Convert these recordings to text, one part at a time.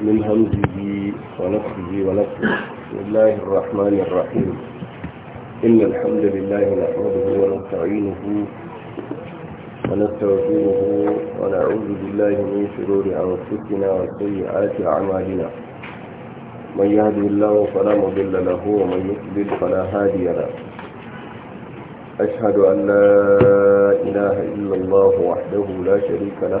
من همزه ونفسه ونفسه بسم الله الرحمن الرحيم إن الحمد لله نحمده ونستعينه ونستغفره ونعوذ بالله من شرور أنفسنا وسيئات أعمالنا من يهده الله فلا مضل له ومن يضلل فلا هادي له أشهد أن لا إله إلا الله وحده لا شريك له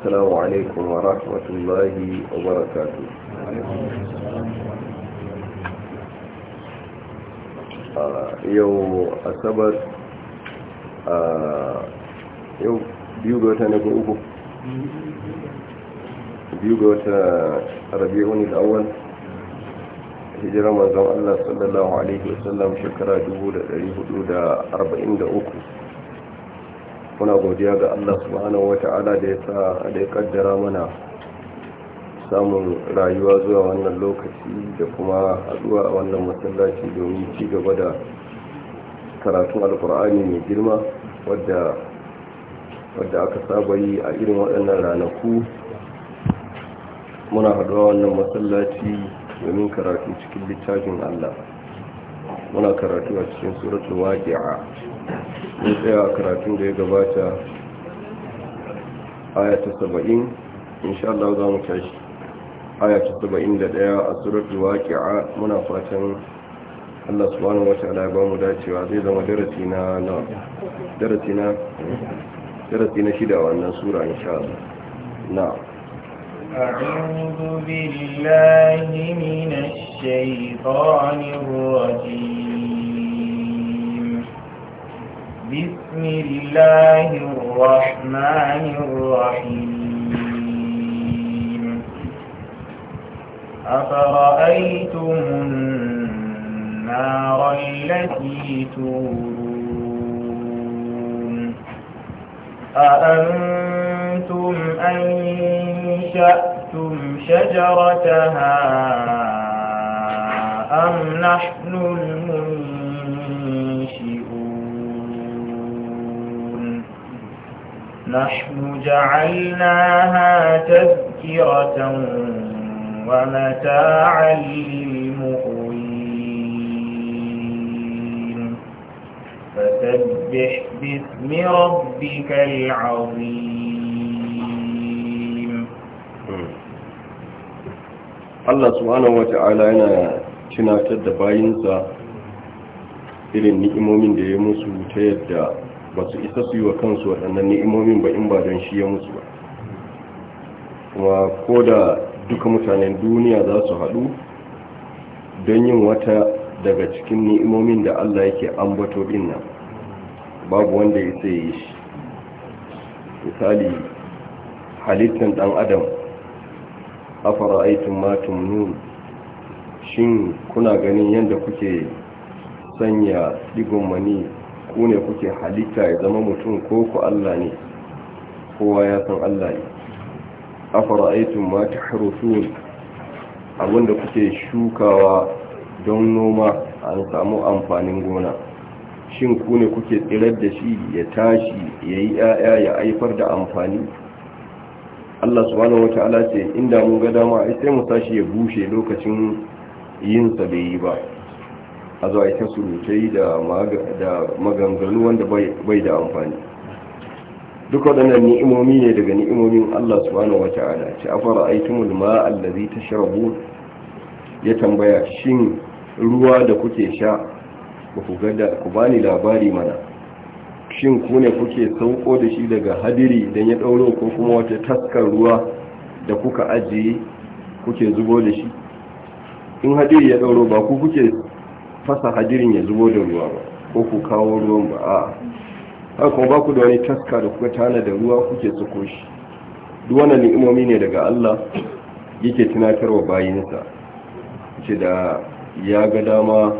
السلام عليكم ورحمة الله وبركاته يو أسبت آه، يو آه، بيوغوتا نبو أبو بيوغوتا ربيعوني الأول هجرة مزام الله صلى الله عليه وسلم شكرا جبودة لحدودة أربعين دا muna godiya ga Allah subhanahu wata'ala da ya sa da ya kaddara mana samun rayuwa zuwa wannan lokaci da kuma haɗuwa a wannan masallaci domin ci gaba da karatun alkur'ani mai girma wadda wadda aka saba yi a irin waɗannan ranaku muna haɗuwa wannan masallaci domin karatu cikin littafin Allah muna karatu a cikin suratul waqi'a mun tsaya a karatun da ya gabata ayata saba'in insha za mu tashi ayata saba'in da ɗaya a suratul waƙi'a muna fatan Allah subhanahu wa ta'ala ba mu dacewa zai zama darasi na darasi na darasi na shida wannan sura insha Allah أعوذ بالله من الشيطان الرجيم بسم الله الرحمن الرحيم أفرأيتم النار التي تورون أأنتم أنشأتم شجرتها أم نحن المنشأ نحن جعلناها تذكرة ومتاعا للمقوين فسبح باسم ربك العظيم Allah subhanahu wa ta'ala yana tunatar da bayinsa irin ni'imomin da ya musu ta yadda ba isa su yi wa kansu waɗannan ni'imomin ba in ba don shi ya musu ba kuma ko da duka mutanen duniya za su haɗu don yin wata daga cikin ni'imomin da Allah yake ambato ɗin nan babu wanda ya sai yi shi misali halittar ɗan adam afara aitin matun nun shin kuna ganin yadda kuke sanya digon mani ku ne kuke halitta ya zama mutum ko ku Allah ne kowa ya san Allah ne afara'aitun ma ta harusun abinda kuke shukawa don noma an samu amfanin gona shin ku ne kuke tsirar da shi ya tashi ya yi ‘ya'ya ya aifar da amfani Allah subhanahu wata'ala ce inda mun ga dama sai mu tashi ya bushe lokacin yinsa bai yi ba a zuwa ita surutai da maganganu wanda bai da amfani duk waɗannan ni'imomi ne daga ni'imomin Allah subhanahu wata'ala ce afara aikin ma allazi sharabu ya tambaya shin ruwa da kuke sha ba ku gada ku bani labari mana shin ku ne kuke sauko da shi daga hadiri don ya ɗauro ko kuma wata taskar ruwa da kuka ajiye kuke zubo da shi in hadiri ya dauro ba ku kuke fasa hadirin ya zubo da ruwa ba ko ku kawo ruwan ba a haka ba ku da wani taska da kuka tana da ruwa kuke tsoko shi duwana ni'imomi ne daga Allah yake tunatarwa bayinsa ce da ya ga dama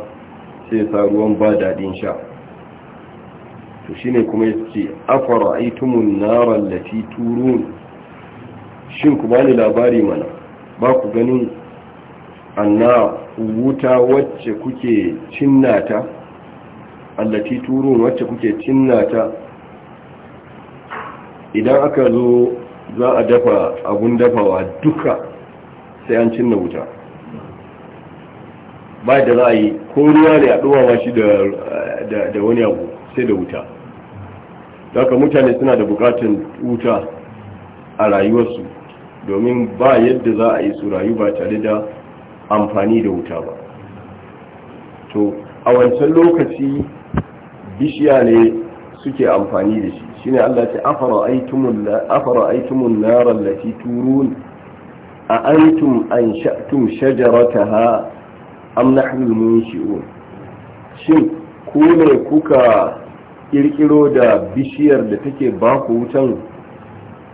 sai sa ruwan ba daɗin sha to shine kuma yace afara'aytumun nara allati turun shin ku bani labari mana ba ku ganin annawa wuta wacce kuke cinnata allati turun wacce kuke cinnata idan aka zo za a dafa abun dafawa duka sai an cinna wuta ba da za a yi ko ruwa ne a ɗuwawa shi da wani abu sai da wuta daga mutane suna da bukatun wuta a rayuwarsu domin ba yadda za a yi su rayu ba tare da amfani da wuta ba to a wancan lokaci bishiya ne suke amfani da shi shine Allah ce afara aitumun afara nara turun a ta ha shajarataha am nahnu shi munshiun shin ku ne kuka kirkiro da bishiyar da take baku wutan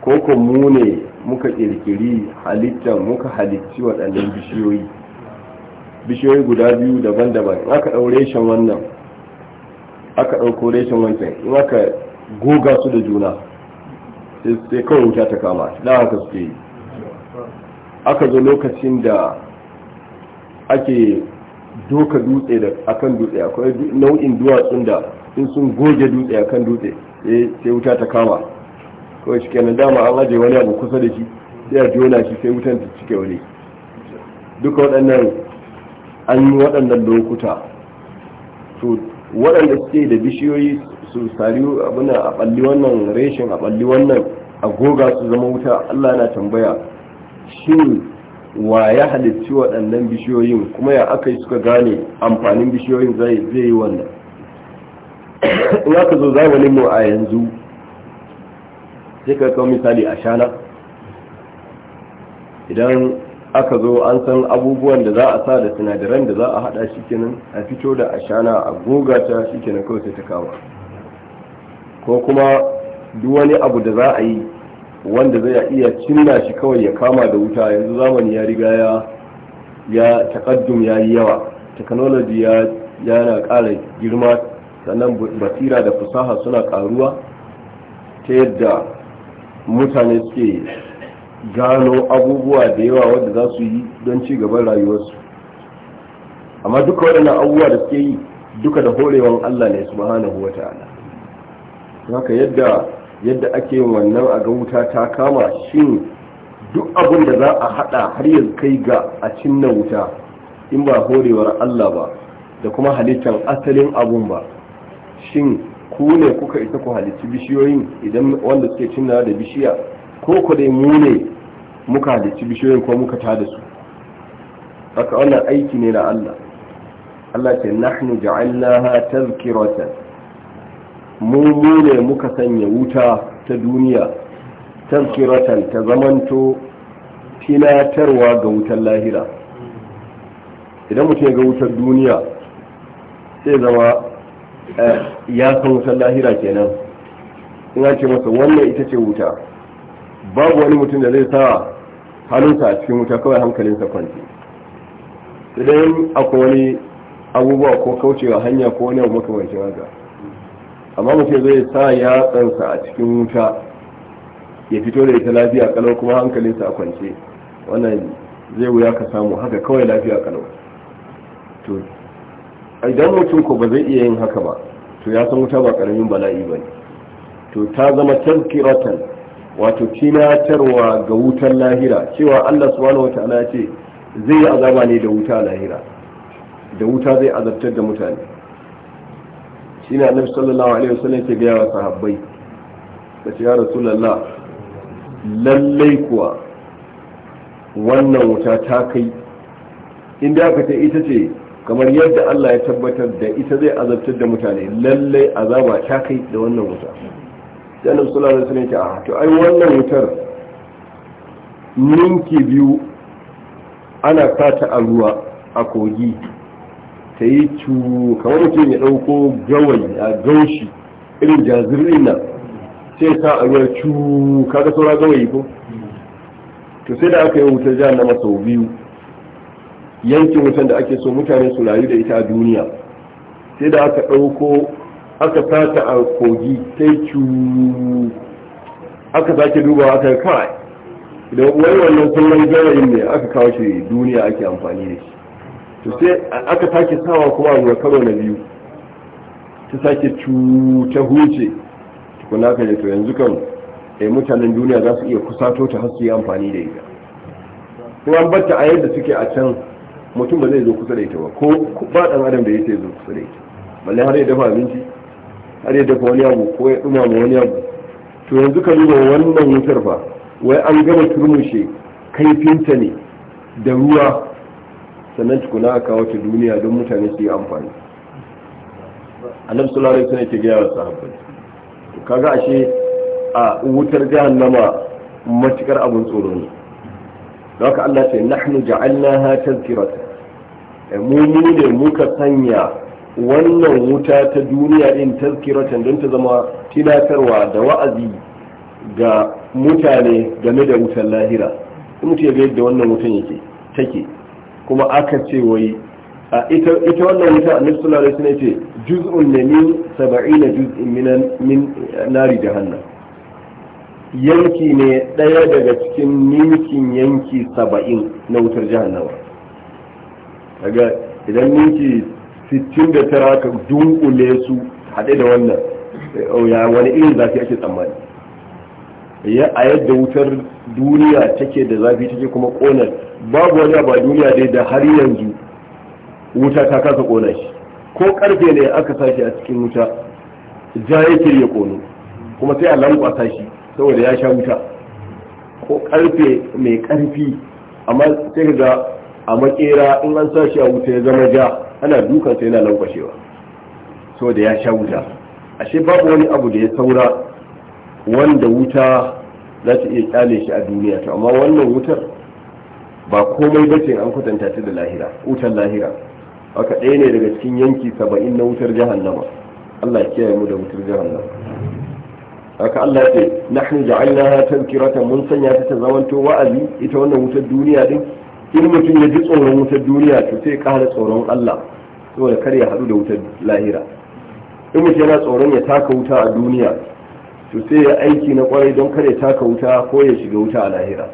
ko mu ne muka kirkiri halitta muka halicci waɗannan bishiyoyi bishiyoyi guda biyu daban-daban in aka ɗau reshen wannan aka ɗauko reshen wancan in aka goga su da juna sai kawai wuta ta kama da haka suke yi aka zo lokacin da ake doka dutse da akan dutse akwai nau'in duwatsun da in sun goge dutse akan dutse sai wuta ta kama kawai shi kenan dama an ajiye wani abu kusa da shi sai a jona shi sai wutan ta cike wani duka waɗannan an yi waɗannan lokuta to waɗanda suke da bishiyoyi su sari abin a ɓalli wannan reshen a ɓalli wannan agoga su zama wuta allah na tambaya shin wa ya halitti waɗannan bishiyoyin kuma ya aka yi suka gane amfanin bishiyoyin zai yi wannan in aka zo zamanin mu a yanzu sai ka kawo misali a shana idan aka zo an san abubuwan da za a sa da sinadaran da za a hada shi kenan a fito da ashana a goga ta shi kenan kawai sai ta kawo ko kuma duk wani abu da za a yi wanda zai iya cinna shi kawai ya kama da wuta yanzu zamani ya riga ya ya takaddum ya yi yawa technology ya yana ƙara girma sannan basira da fasaha suna ƙaruwa ta yadda mutane suke gano abubuwa da yawa wadda za su yi don ci gaban rayuwarsu amma duka waɗannan abubuwa da suke yi duka da horewan Allah ne subhanahu wa ta'ala haka yadda yadda ake yin wannan a ga wuta ta kama shin duk abin da za a hada har yanzu kai ga a cinna wuta in ba horewar Allah ba da kuma halittar asalin abun ba shin ku ne kuka isa ku halicci bishiyoyin idan wanda suke cinna da bishiya ko ku dai mu ne muka halicci bishiyoyin ko muka ta da su haka wannan aiki ne na Allah Allah ce nahnu ja'alnaha tazkiratan mu mu ne muka sanya wuta ta duniya tazkiratan ta zamanto tilatarwa ga wutar lahira idan mutum ga wutar duniya sai zama eh, ya san wutar lahira kenan in ce masa wannan ita ce wuta babu wani mutum da zai sa halinsa a cikin wuta kawai hankalinsa kwanci idan akwai wani abubuwa ko kaucewa hanya ko wani abu makamancin haka amma mutum zai sa yatsansa a cikin wuta ya fito da ita lafiya kalau kuma hankalinsa a kwance wannan zai wuya ka samu haka kawai lafiya kalau to idan mutum ko ba zai iya yin haka ba to ya san wuta ba karamin bala'i ba ne to ta zama tazkiratan wato tinatarwa ga wutar lahira cewa Allah subhanahu ta'ala ce zai yi azaba ne da wuta lahira da wuta zai azabtar da mutane shi ne annabi sallallahu alaihi wasallam ke gaya wa sahabbai da ce ya rasulullah lallai kuwa wannan wuta ta kai inda aka ce ita ce kamar yadda Allah ya tabbatar da ita zai azabtar da mutane lallai azaba ta kai da wannan wuta sai annabi sallallahu alaihi wasallam a ah, to ai wannan wutar ninki biyu ana fata a ruwa a kogi ta yi cu kamar mutum ya ɗauko gawayi a gaushi irin jazirin nan sai sa a ruwa cu kaga saura gawayi ko to sai da aka yi wutar na sau biyu yankin wutan da ake so mutane su rayu da ita a duniya sai da aka ɗauko aka tata a kogi sai cu aka sake duba aka kai idan wai wannan kullum gawayin ne aka kawo shi duniya ake amfani da shi to sai aka sake sawa kuma a karo na biyu ta sake cu ta huce tukun aka to yanzu kan eh mutanen duniya za su iya kusato ta har su yi amfani da ita kuma an batta a yadda suke a can mutum ba zai zo kusa da ita ba ko ba ɗan adam da ce zo kusa da ita balle har ya dafa abinci har ya dafa wani abu ko ya dumama wani abu to yanzu ka duba wannan wutar fa wai an gama turmushe kaifinta ne da ruwa sannan tukuna a kawo ta duniya don mutane su yi amfani annabi sallallahu alaihi wasallam ke gaya wa sahabbai to kaga ashe a wutar jihar nama matukar abun tsoro ne don haka Allah ce nahnu ja'alnaha tazkiratan eh, mu mu ne muka sanya wannan wuta ta duniya din tazkiratan don ta zama tilatarwa da wa'azi ga mutane game da wutar lahira In ce ga yadda wannan wutan yake take kuma aka ce wai a ita wannan wuta a sallallahu alaihi suna ce juz'un ne min na juz'in min nari nari jahannam yanki ne daya daga cikin ninkin yanki saba'in na wutar jihannawa kaga idan ninki Sittin da tara ka dunkule su haɗe da wannan eh, ya wani irin zafi ake tsammani ya a yadda wutar duniya take da zafi take kuma ƙonar babu wani ba duniya dai da har yanzu wuta ta kasa ƙona shi ko karfe ne aka sashi a cikin wuta ja yake ya ƙono kuma sai a lankwasa shi saboda ya sha wuta ko karfe mai karfi amma sai ga a makera in an sa shi a wuta ya zama ja ana dukan sai yana lankwashewa so da ya sha wuta ashe babu wani abu da ya saura wanda wuta za ta iya kyale shi a duniya to amma wannan wutar ba komai bace an kwatanta ta da lahira wutar lahira haka ɗaya ne daga cikin yanki saba'in na wutar jahannama Allah ya kiyaye mu da wutar jahannama haka Allah ya ce nahnu ja'alnaha tazkiratan mun sanya ta ta zamanto wa'azi ita wannan wutar duniya din in mutum ya ji tsoron wutar duniya to sai ƙara tsoron Allah saboda kar ya haɗu da wutar lahira in mutum yana tsoron ya taka wuta a duniya to sai ya aiki na kwarai don kar ya taka wuta ko ya shiga wuta a lahira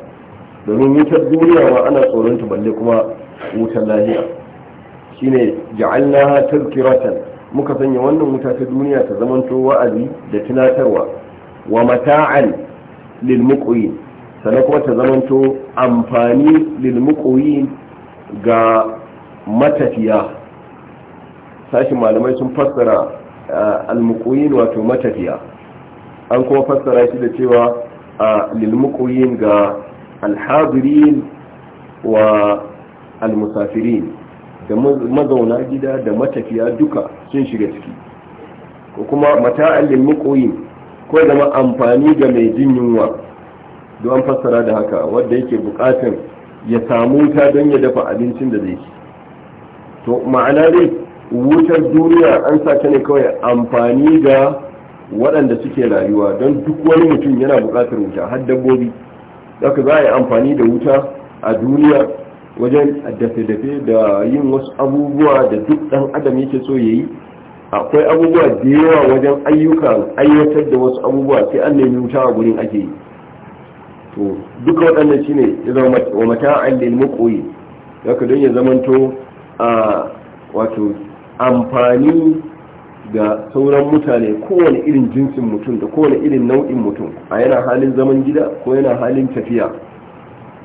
domin wutar duniya ma ana tsoron ta balle kuma wutar lahira shine ja'alnaha tazkiratan muka sanya wannan wuta ta duniya ta zamanto wa'azi da tunatarwa wa mata'an lil muqwin sannan kuma ta zamanto amfani lilmuqoyin ga matafiya sashi malamai sun fassara eh, almuqoyin wato matafiya an kuma fassara shi da cewa eh, lilmuqoyin ga alhadirin wa almusafirin da mazauna gida da matafiya duka sun shiga ciki ko kuma mata'an lilmuqoyin ko zama amfani ga mai jin yunwa don fassara da haka wanda yake bukatan ya samu wuta don ya dafa abincin da zai ci to ma'ana dai wutar duniya an sa ta ne kawai amfani ga waɗanda suke rayuwa don duk wani mutum yana bukatar wuta har dabbobi zaka za a yi amfani da wuta a duniya wajen dafe-dafe da yin wasu abubuwa da duk ɗan adam yake so ya yi akwai abubuwa da yawa wajen ayyukan aiwatar da wasu abubuwa sai an nemi wuta a gurin ake yi to duka waɗannan ne ya zama wa mata'an lil muqwi haka don ya zamanto a wato amfani ga sauran mutane kowane irin jinsin mutum da kowane irin nau'in mutum a yana halin zaman gida ko yana halin tafiya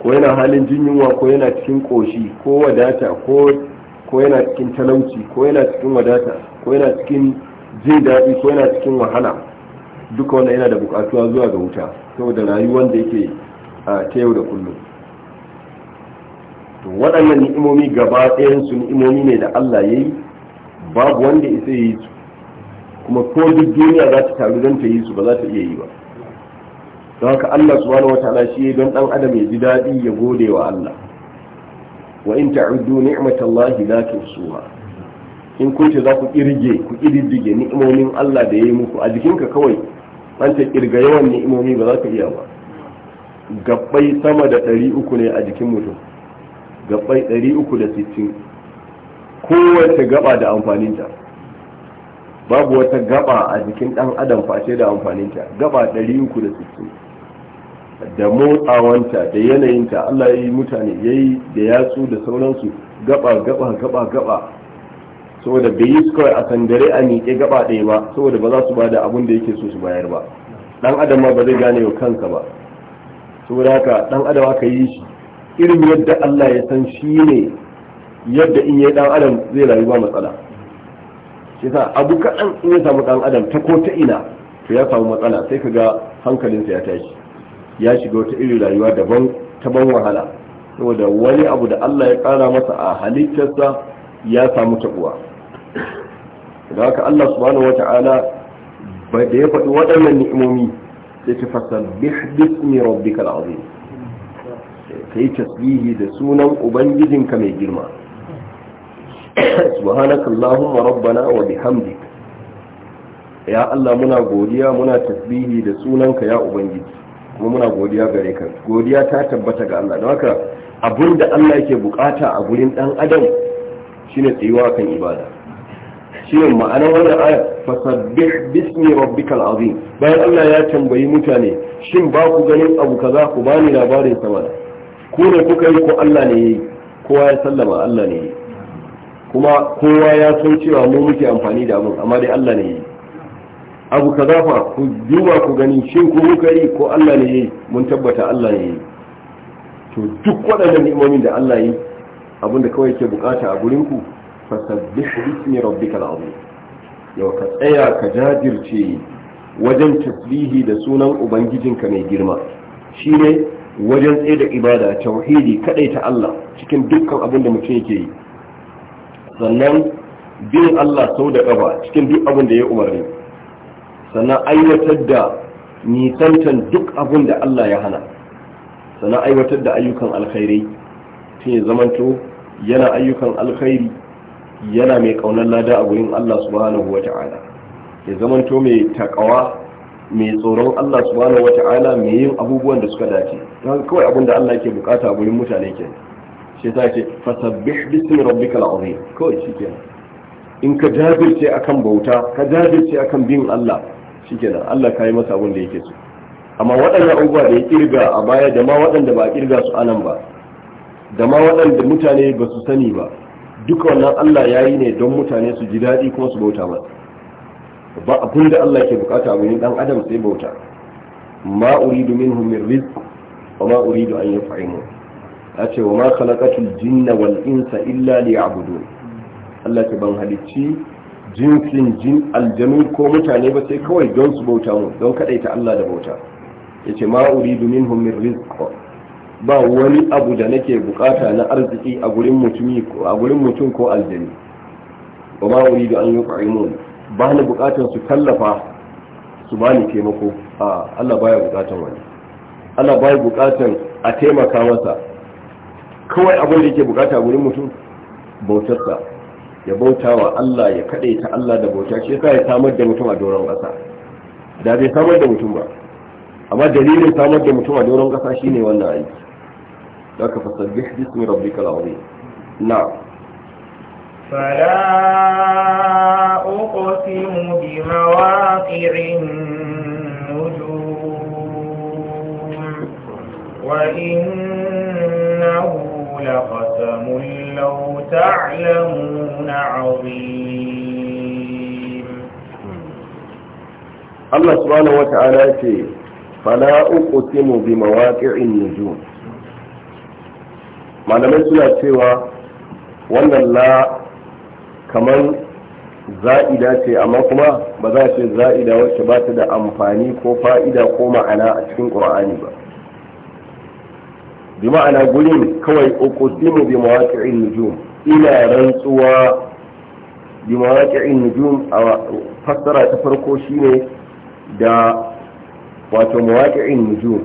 ko yana halin jin yunwa ko yana cikin koshi ko wadata ko yana cikin talauci ko yana cikin wadata ko yana cikin jin daɗi ko yana cikin wahala duka wannan yana da bukatuwa zuwa ga wuta saboda rayuwar da yake ta yau da kullum to waɗannan ni'imomi gaba ɗayan ni'imomi ne da Allah ya yi babu wanda isa yi su kuma ko duk duniya za ta taru don ta yi su ba za ta iya yi ba don haka Allah subhanahu wataala shi don dan adam ya ji daɗi ya gode wa Allah wa in ta'uddu ni'matallahi la tuhsuha in kunce za ku kirge ku kididdige ni'imomin Allah da ya yi muku a jikinka kawai an ce kirga yawan ni'imomi ba za ka iya ba gabbai sama da ɗari uku ne a jikin mutum gabbai ɗari uku da sittin kowace gaba da amfaninta babu wata gaba a jikin ɗan adam face da amfaninta gaba ɗari uku da sittin da motsawanta da yanayinta allah ya yi mutane ya yi da yatsu da sauransu gaba gaba gaba gaba saboda bai yi kawai a sandare a miƙe gaba ɗaya ba saboda ba za su bada abin da yake so su bayar ba dan adam ba zai gane wa kansa ba saboda haka dan adam aka yi shi irin yadda Allah ya san shi ne yadda in yi dan adam zai rayu ba matsala shi sa abu kaɗan in ya samu dan adam ta ko ta ina to ya samu matsala sai ka ga hankalinsa ya tashi ya shiga wata irin rayuwa daban ta ban wahala saboda wani abu da Allah ya ƙara masa a halittarsa ya samu taɓuwa da haka Allah subhanahu ta'ala ba da ya faɗi waɗannan ni'imomi da ta ni bismi rabbikal azim kai tasbihi da sunan ubangijinka mai girma subhanaka allahumma rabbana wa bihamdik ya Allah muna godiya muna tasbihi da sunanka ya ubangiji kuma muna godiya gare ka godiya ta tabbata ga Allah don haka abinda Allah yake bukata a gurin dan adam shine tsayuwa kan ibada shine ma'anar wannan ayat fasabbih bismi rabbikal azim bayan Allah ya tambayi mutane shin ba ku ganin abu kaza ku bani labarin sama mana ku ne kuka yi ko Allah ne yi, kowa ya sallama Allah ne yi kuma kowa ya san cewa mu muke amfani da abu amma dai Allah ne yi, abu kaza fa ku duba ku gani shin ku kuka yi ko Allah ne yi mun tabbata Allah ne yi, to duk waɗannan ni'imomin da Allah yi abinda kawai ke bukata a gurin ku فسبح باسم ربك العظيم yau كتايا كجادرتي ka jajirce wajen سنن da sunan جيرما mai girma shine wajen توحيدي da الله ta Allah cikin dukkan abin da mutum yake yi sannan bin Allah sau da ƙafa cikin duk abin da ya umarni sannan aiwatar da nisantan duk abin da Allah ya hana sannan aiwatar da ayyukan alkhairi tun ya zamanto yana ayyukan alkhairi yana mai kaunar lada a gurin Allah subhanahu wa ta'ala ya zamanto mai takawa mai tsoron Allah subhanahu wa ta'ala mai yin abubuwan da suka dace don kawai abin da Allah yake bukata a gurin mutane ke shi ta ce fasabbih bismi rabbikal azim kawai shikenan in ka jabirce akan bauta ka jabirce akan bin Allah shikenan Allah kai masa abin da yake so amma waɗannan abubuwa da ya kirga a baya da ma waɗanda ba a kirga su anan ba da ma waɗanda mutane ba su sani ba duka wannan Allah ya yi ne don mutane su ji daɗi kuma su bauta masa ba abin da Allah ke bukata a wurin dan adam sai bauta ma uridu minhum min rizq wa ma uridu an yut'imun ya ce wa ma khalaqatul jinna wal insa illa abudu Allah ke ban halicci jinsin jin aljanu ko mutane ba sai kawai don su bauta mu don kadaita Allah da bauta yace ma uridu minhum min rizq ba wani abu da nake bukata na arziki a gurin ko a gurin mutum ko aljani wa ma da an yi yut'imun ba ni bukatar su tallafa su ba ni taimako a Allah baya bukatar wani Allah baya bukatar a taimaka masa kawai abin da yake bukata gurin mutum bautarsa ya bauta wa Allah ya ta Allah da bauta shi yasa ya samar da mutum a doron ƙasa da bai samar da mutum ba amma dalilin samar da mutum a doron ƙasa shine wannan aiki لك فسبح باسم ربك العظيم نعم فلا أقسم بمواقع النجوم وإنه لقسم لو تعلمون عظيم الله سبحانه وتعالى فلا أقسم بمواقع النجوم malamai suna cewa wannan la kamar za'ida ce amma kuma ba za ce za'ida wacce ba ta da amfani ko fa'ida ko ma'ana a cikin ƙur'ani ba bi ma'ana gurin kawai ukusimu bi mawaqi'in nujum ina rantsuwa bi mawaqi'in nujum a fassara ta farko shine da wato mawaqi'in nujum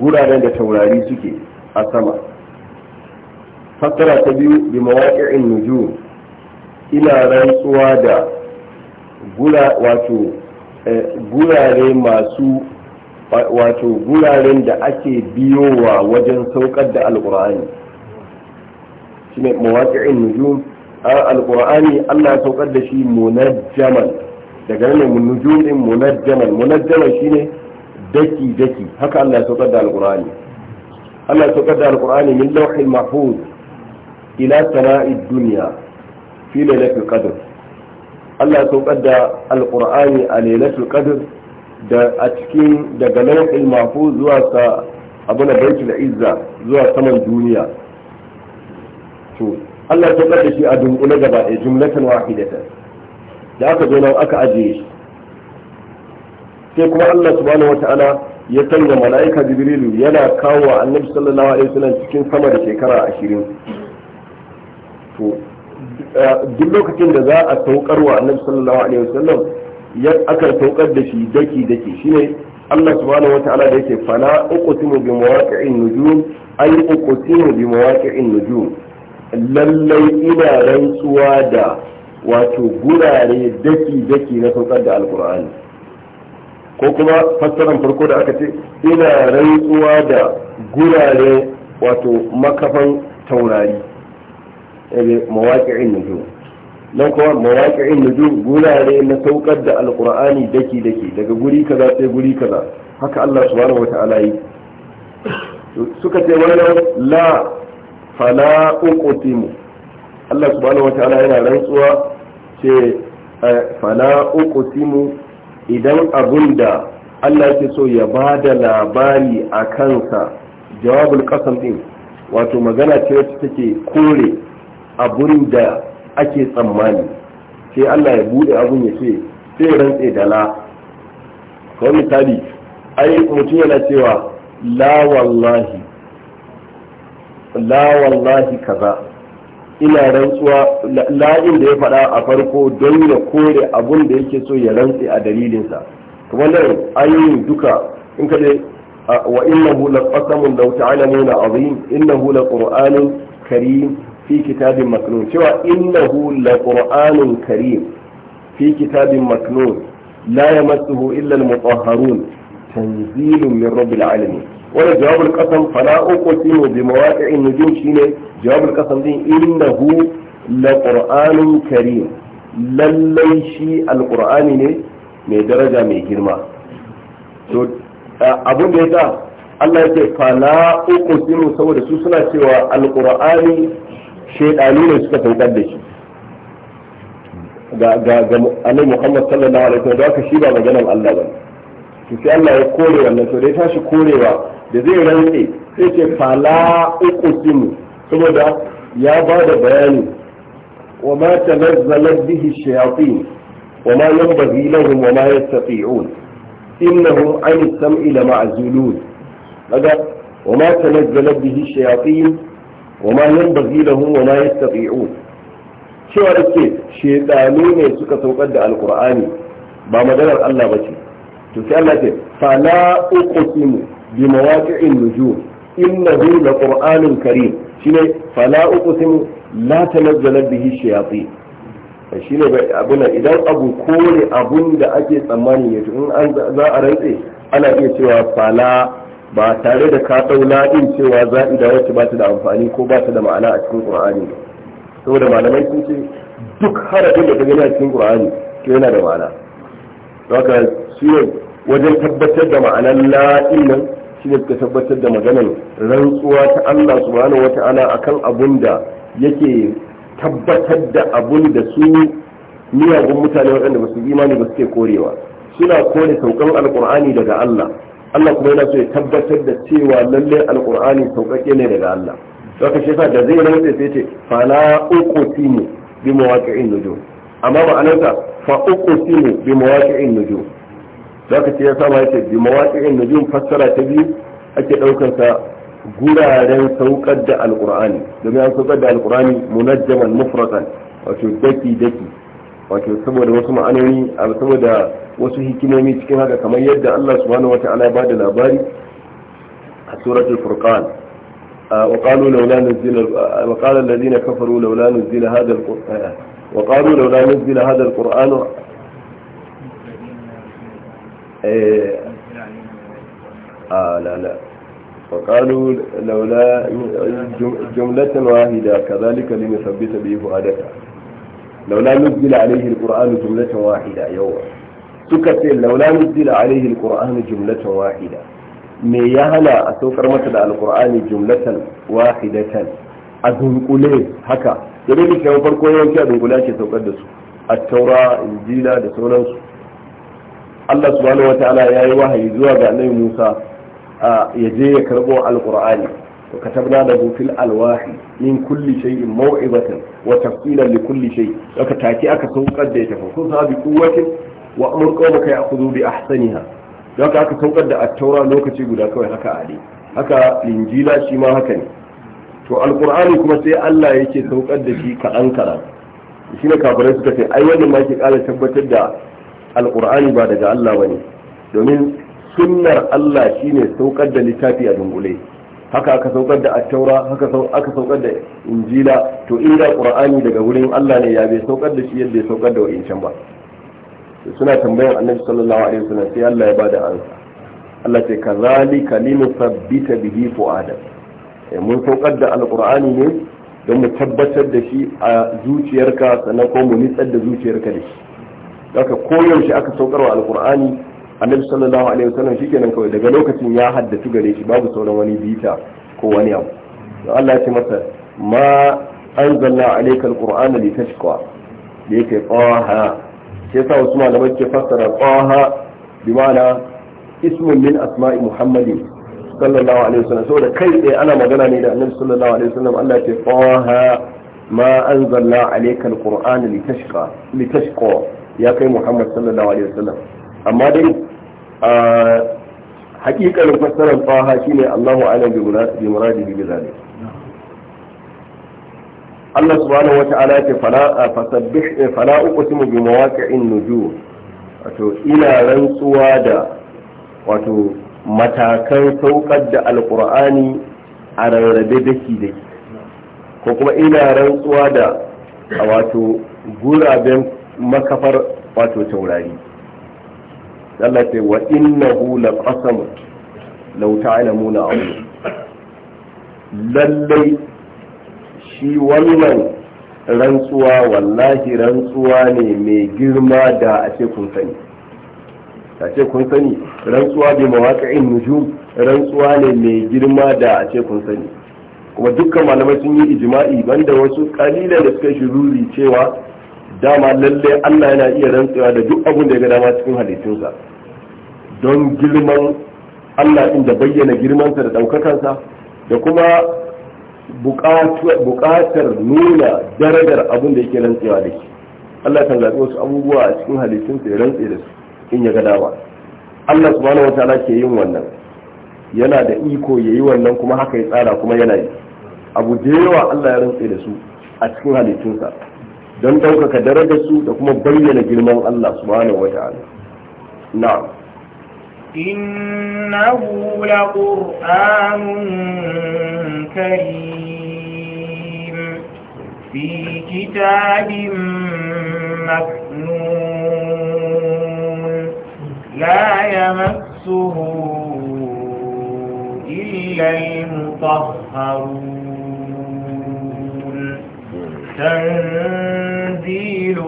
guraren da taurari suke a sama fassara ta biyu bi mawaƙi'in nujum ina rantsuwa da gura wato eh, gurare masu wato guraren da ake biyowa wajen saukar da alkur'ani shine mawaƙi'in nujum an alkur'ani Allah ya saukar da shi munajjaman daga nan nujum din munajjaman munajjaman shine daki daki haka Allah ya saukar da alkur'ani Allah ya saukar da alkur'ani min lawhil mahfuz ila sana'i duniya fi lailatul qadr Allah saukar da alqur'ani a lailatul qadr da a cikin daga lauƙin mafu zuwa sa abu na baitul izza zuwa saman duniya to Allah saukar da shi a dunkule gaba ɗaya jumlatan wahidatan da aka zo nan aka ajiye shi sai kuma Allah subhanahu wata'ala ya sanya mala'ika jibrilu yana kawo annabi sallallahu alaihi wasallam cikin sama da shekara ashirin to eh, duk lokacin da za a saukar wa annabi sallallahu alaihi wasallam ya aka saukar da shi daki daki shine Allah subhanahu wataala da yake fala uqtimu bi mawaqi'in nujum ay uqtimu bi mawaqi'in nujum lallai ina rantsuwa da wato gurare daki daki na saukar da alqur'ani ko kuma fassaran farko da aka ce ina rantsuwa da gurare wato makafan taurari mawaƙi'in nujum nan kuma mawaƙi'in nujum gurare na saukar da alƙur'ani daki daki daga guri kaza sai guri kaza haka Allah subhanahu wata'ala yi suka ce wannan la fala uqtimu Allah subhanahu wata'ala yana rantsuwa ce fala uqtimu idan abunda Allah yake so ya bada labari a kansa jawabul qasam din wato magana ce wacce take kore abun da ake tsammani sai Allah ya bude abun ya ce sai rantse dala la kawai misali ai mutum yana cewa la wallahi la wallahi kaza ina rantsuwa la'in da ya faɗa a farko don ya kore abun da yake so ya rantse a dalilinsa wannan ayoyin duka in ka dai wa innahu laqasamun law ta'lamuna azim innahu laqur'anun karim fi kitabin maknun cewa innahu laqur'anun karim fi kitabin maknun la yamassuhu illa almutahharun tanzilun min rabbil alamin wannan jawabul qasam fala uqsimu bi mawaqi'in nujum shine jawabin qasam din innahu laqur'anun karim lallai shi alqur'ani ne mai daraja mai girma to abun da yasa Allah ya ce fala uqsimu saboda su suna cewa alqur'ani shaidanu ne suka saukar da shi ga ga annabi Muhammad sallallahu alaihi wasallam haka shi ba maganar Allah ba to sai Allah ya kore wannan to dai tashi korewa da zai rantse sai ce fala uqsimu saboda ya ba da bayani wa ma tanazzalat bihi shayatin wa ma yanbaghi lahum wa ma yastati'un innahum 'an as-sam'i lama'zulun kaga wa ma tanazzalat bihi shayatin wa ma yanbaghi lahum wa ma yastati'un cewa ke shedanu ne suka saukar da alkur'ani ba maganar Allah bace to sai Allah ce fala uqsimu bi mawaqi'in nujum innahu laqur'anun karim shine fala uqsimu la tanazzalat bihi shayatin shi ne abuna idan abu kore abun da ake tsammani ya in an za a rantse ana iya cewa fala ba tare da ka ɗau la'in cewa za'ida wacce ba ta da amfani ko ba ta da ma'ana a cikin ƙur'ani saboda malamai sun ce duk harafin da ta gani a cikin ƙur'ani to yana da ma'ana haka shi ne wajen tabbatar da ma'anar la'in nan shi ne suka tabbatar da maganar rantsuwa ta Allah subhanahu wata'ala akan abun da yake tabbatar da abun da su miyagun mutane waɗanda ba su imani ba suke korewa suna kore saukan alƙur'ani daga Allah Allah kuma yana so ya tabbatar da cewa lalle alqur'ani sauƙaƙe ne daga Allah saka shi yasa da zai rantsa sai ce fala uqsimu bi mawaqi'in nujum amma ma'anarsa fa uqsimu bi mawaqi'in nujum saka shi yasa ma ce bi mawaqi'in nujum fassara ta biyu ake daukar sa guraren saukar da alqur'ani domin an saukar da alkur'ani munajjaman mufratan wato daki daki wato saboda wasu ma'anoni a saboda wasu hikimomi cikin haka kamar yadda Allah subhanahu wata'ala ya bada labari a suratul furqan wa qalu laula nuzila wa qala alladhina kafaru laula nuzila hadha alquran wa qalu laula nuzila hadha alquran آه لا لا وقالوا لولا جملة واحدة كذلك لنثبت به فؤادك laula nuzila alaihi alqur'anu jumlatan wahida yawa suka ce laula nuzila alaihi alqur'anu jumlatan me ya hana a saukar masa da alkur'ani jumlatan wahidatan a dunkule haka sai dai littafin farko yawanci a dunkula ake saukar da su a taura injila da sauransu Allah subhanahu wataala yayi wahayi zuwa ga Annabi Musa ya je ya karbo alkur'ani وكتبنا له في الألواح من كل شيء موعظة وتفصيلا لكل شيء وكتاكي أكسو قد يتفوقها بقوة قومك يأخذوا بأحسنها لك أكسو قد التوراة لوكتي قداك وهكا علي هكا الإنجيل شما هكا to alkur'ani kuma sai Allah yake saukar da shi kaɗan kaɗan shi ne kafirai suka ce ai wannan ma ke kala tabbatar da alkur'ani ba daga Allah ba ne domin sunnar Allah shine saukar da littafi a dungule haka aka saukar da attaura haka aka saukar da injila to inda qur'ani daga wurin Allah ne ya bai saukar da shi yadda ya saukar da wa'incan ba suna tambayan annabi sallallahu alaihi wasallam sai Allah ya bada ansa Allah ce kazalika linusabbita bihi fuada eh, mun saukar da alqur'ani ne don mu tabbatar da shi a zuciyarka sannan ko mu nitsar da zuciyarka da shi haka koyaushe aka saukar wa alqur'ani annabi sallallahu alaihi wasallam shikenan kawai daga lokacin ya haddatu gare shi babu sauran wani bita ko wani abu to Allah ya ce masa ma anzalna alayka alqur'ana litashqa da yake qaha ke sa wasu malamai ke fassara qaha bi ma'ana ismun min asma'i muhammadin sallallahu alaihi wasallam saboda kai tsaye ana magana ne da annabi sallallahu alaihi wasallam Allah ya ce qaha ma anzalna alayka alqur'ana litashqa litashqa ya kai muhammad sallallahu alaihi wasallam amma dai a hakikalin fassarar faha shine Allahu ala bi muradi bi zalik Allah subhanahu wa ta'ala ce fala fasabbih eh, fala uqsimu bi mawaqi'in nujum wato ina rantsuwa da wato matakan saukar da alqur'ani a rarrabe daki daki ko kuma ina rantsuwa da wato guraben makafar wato taurari Allah ce wa la qasam law ta'lamuna azim lallai shi wannan rantsuwa wallahi rantsuwa ne mai girma da a ce kun sani a ce kun sani rantsuwa bi mawaqi'in nujum rantsuwa ne mai girma da a ce kun sani kuma dukkan malamai sun yi ijma'i banda wasu kalilan da suka shiruri cewa dama lalle Allah yana iya rantsewa da duk abin da ya ga dama cikin halittunsa don girman Allah inda bayyana girmansa da ɗaukakansa da kuma buƙatar nuna darajar abin da yake rantsewa da shi Allah kan zaɓi wasu abubuwa a cikin halittunsa ya rantse da su in ya ga dama Allah subhanahu wa ta'ala ke yin wannan yana da iko ya yi wannan kuma haka ya tsara kuma yana yi abu da yawa Allah ya rantse da su a cikin halittunsa don daukaka ɗaukaka su da kuma bayyana girman Allah subhanahu wata'ala na'am innahu laqur'anun karim fi kitabin maknun la yamassuhu illa al-mutahharun تنزيل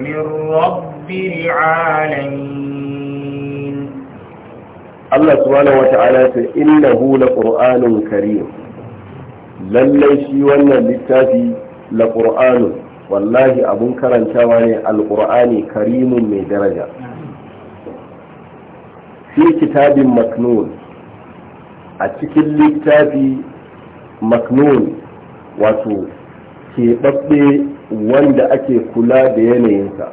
من رب العالمين الله سبحانه وتعالى إنه لقرآن كريم lallai shi wannan littafi la qur'anu wallahi abun karantawa ne alqur'ani karimun mai daraja fi kitabin maknun a cikin littafi maknun wato keɓaɓɓe wanda ake kula da yanayinsa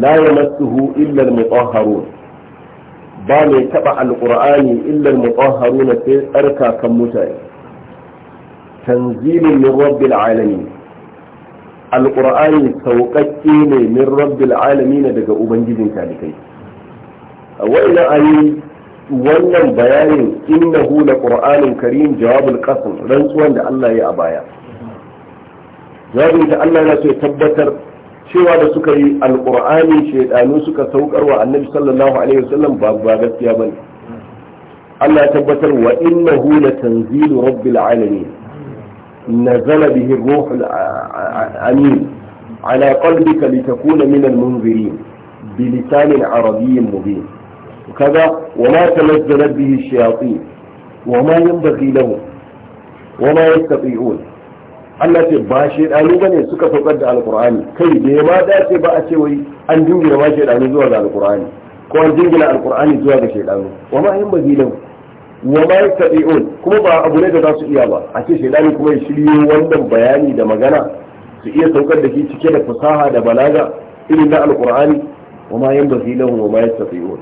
la yamassuhu illa al-mutahharun ba mai taba alqur'ani illar al-mutahharun sai kan mutane tanzilun min rabbil alamin alqur'ani sauƙaƙƙe ne min rabbil na daga ubangijin talikai a wa'ina yi wannan bayanin innahu la ƙur'anin karim jawabul qasm rantsuwan da Allah ya a baya zaɓi da Allah na so ya tabbatar cewa da suka yi alƙur'ani shaidanu suka saukar wa annabi sallallahu alaihi wasallam ba ba gaskiya bane Allah ya tabbatar wa innahu la tanzilu rabbil alamin nazala bihi ruhul amin ala qalbika litakuna min al munzirin bilisanin arabiyyin mubin kaga wa ma tanazzalat bihi shayatin wa ma yanbaghi lahum wa ma yastati'un Allah ce ba ba bane suka saukar da alqur'ani kai da ma dace ba a ce wai an jingina ma shaidanu zuwa ga alqur'ani ko an jingina alqur'ani zuwa ga shaidanu wa ma yin bazilan wa ma yastati'un kuma ba abu ne da za su iya ba a ce shaidani kuma ya shiryo wannan bayani da magana su iya saukar da shi cike da fasaha da balaga irin na alqur'ani wa ma yin bazilan wa ma yastati'un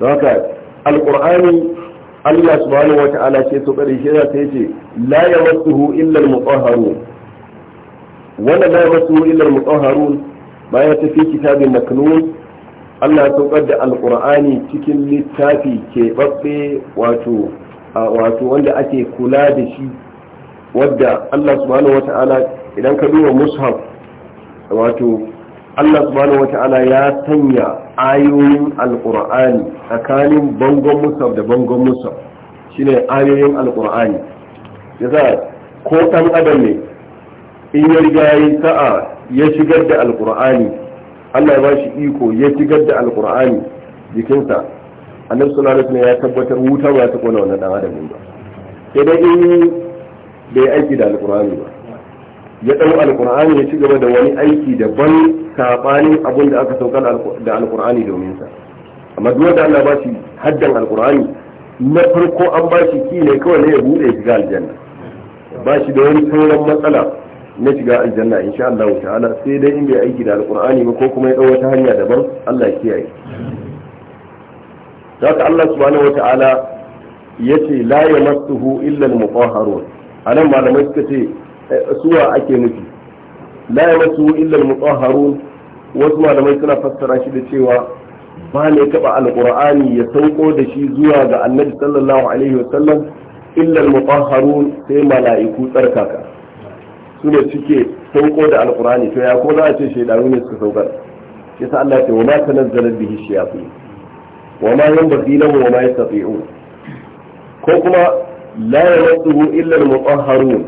don haka alqur'ani Allah subhanahu wa ta'ala ce to kare shi ya ce la yamassuhu illa al-mutahharun wala la yamassuhu illa al-mutahharun bayan ta fi kitabin maknun Allah ya saukar da alqur'ani cikin littafi ke babbe wato wato wanda ake kula da shi wadda Allah subhanahu wa ta'ala idan ka duba mushaf wato Allah subhanahu ta'ala ya sanya ayoyin alkur'ani tsakanin bangon musaf da bangon musa shine ayoyin alkur'ani yasa ko ɗan adam ne in ya riga yi sa'a ya shigar da alkur'ani Allah ya ba shi iko ya shigar da alkur'ani jikinsa annabi sallallahu alaihi wasallam ya tabbatar wuta ba ta kona wannan dan adam ba sai dai in bai aiki da alkur'ani ba ya ɗau alkur'ani ya ci gaba da wani aiki daban saɓanin abin da aka saukar da alkur'ani domin sa amma duk wanda Allah ba shi haddan alkur'ani na farko an ba shi ki ne kawai ne ya bude shiga aljanna ba shi da wani sauran matsala na shiga aljanna insha Allah ta'ala sai dai in bai aiki da alkur'ani ba ko kuma ya ɗau wata hanya daban Allah ya kiyaye haka Allah subhanahu wata'ala yace la yamassuhu illa al-mutahharun anan malamai suka ce suwa ake nufi la yamassuhu illa al-mutahharun wasu malamai suna fassara shi da cewa ba ne taba alqur'ani ya sauko da shi zuwa ga annabi sallallahu alaihi wa sallam illa al-mutahharun sai mala'iku tsarkaka su ne suke sauko da alqur'ani to ya ko za a ce shaidanu ne suka saukar shi sa Allah ya ce wa ma tanazzala bihi shayatin wa ma yanbaghi lahu wa ma yastati'un ko kuma la yamassuhu illa al-mutahharun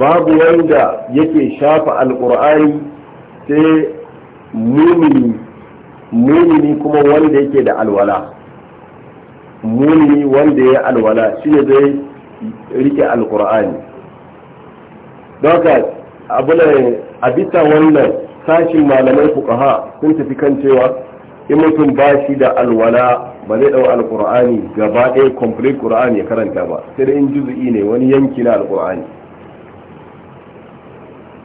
babu wanda yake shafa alkur'ani sai mumini mumini kuma wanda yake da alwala mumini wanda ya alwala shine zai rike alkur'ani doka abin a bisa wannan sashin malamai fuqaha sun tafi kan cewa in mutum ba shi da alwala ba zai dau alkur'ani gaba ɗaya complete qur'ani ya karanta ba sai da in juzu'i ne wani yanki na alkur'ani